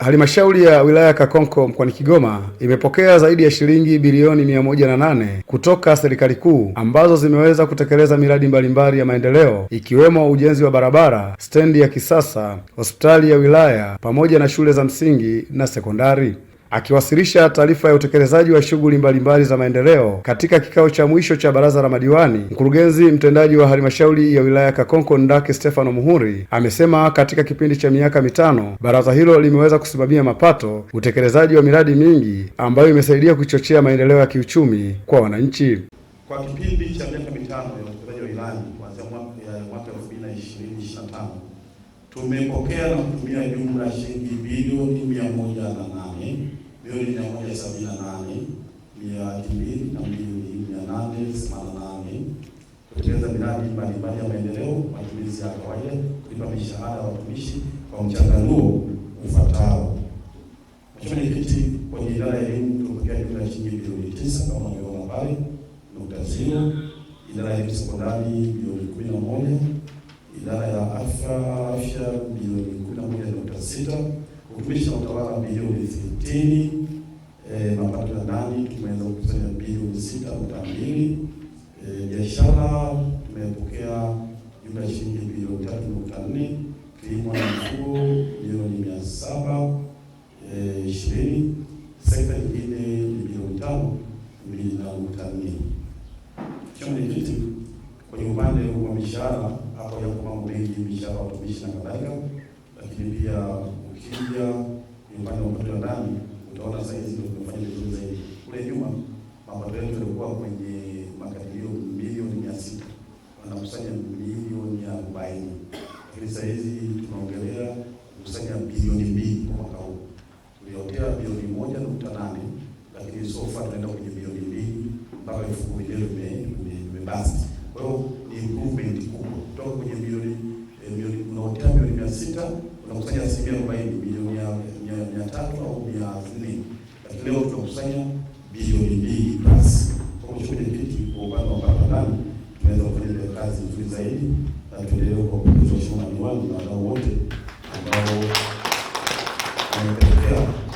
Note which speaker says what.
Speaker 1: Halmashauri ya wilaya ya Kakonko mkoani Kigoma imepokea zaidi ya shilingi bilioni nane kutoka serikali kuu ambazo zimeweza kutekeleza miradi mbalimbali ya maendeleo ikiwemo ujenzi wa barabara, stendi ya kisasa, hospitali ya wilaya pamoja na shule za msingi na sekondari. Akiwasilisha taarifa ya utekelezaji wa shughuli mbalimbali za maendeleo katika kikao cha mwisho cha baraza la madiwani, mkurugenzi mtendaji wa halmashauri ya wilaya Kakonko Ndake Stefano Muhuri amesema katika kipindi cha miaka mitano baraza hilo limeweza kusimamia mapato, utekelezaji wa miradi mingi ambayo imesaidia kuchochea maendeleo ya kiuchumi kwa wananchi.
Speaker 2: Kwa kipindi cha miaka mitano ya utekelezaji wa ilani kuanzia mwaka 2025 eh, tumepokea na kutumia jumla shilingi bilioni 108 milioni mia moja sabini na nane miliardi mbili na milioni mia nane themanini na nane kutekeleza miradi mbalimbali ya maendeleo, matumizi ya kawaida, kulipa mishahara ya watumishi kwa mchanganuo ufuatao. Mheshimiwa Mwenyekiti, kwenye idara ya elimu tumepokea jumla ya shilingi bilioni tisa kama unavyoona pale nukta zina, idara ya elimu sekondari bilioni kumi na moja idara ya afya bilioni kumi na moja nukta sita kupisha utawala bilioni sitini eh, mapato ya ndani tumeweza kukusanya bilioni sita nukta mbili eh, biashara tumepokea jumla ya shilingi bilioni tatu nukta nne kilimo na mifugo bilioni mia saba eh, ishirini sekta nyingine ni bilioni tano mbili na nukta nne Mwenyekiti, kwenye upande wa mishahara hapo yako mambo mengi, mishahara watumishi na kadhalika, lakini pia Ukija nyumbani wa mapato ndani, utaona saizi ndio tumefanya vizuri zaidi. Kule nyuma mapato yetu yalikuwa kwenye makadirio milioni mia sita wanakusanya milioni arobaini lakini saizi tunaongelea kusanya bilioni mbili kwa mwaka huu. Tuliotea bilioni moja nukta nane lakini sofa tunaenda kwenye bilioni mbili mpaka elfu kumi leo imebasi. Kwa hiyo ni improvement tunakusanya asilimia arobaini bilioni mia tatu au mia nne lakini leo tunakusanya bilioni mbili plus. Kwa upande wa mpaka ndani tunaweza kufanya kazi nzuri zaidi, na tuendelee kwa kuongeza waheshimiwa madiwani na wadau wote ambao wamepelekea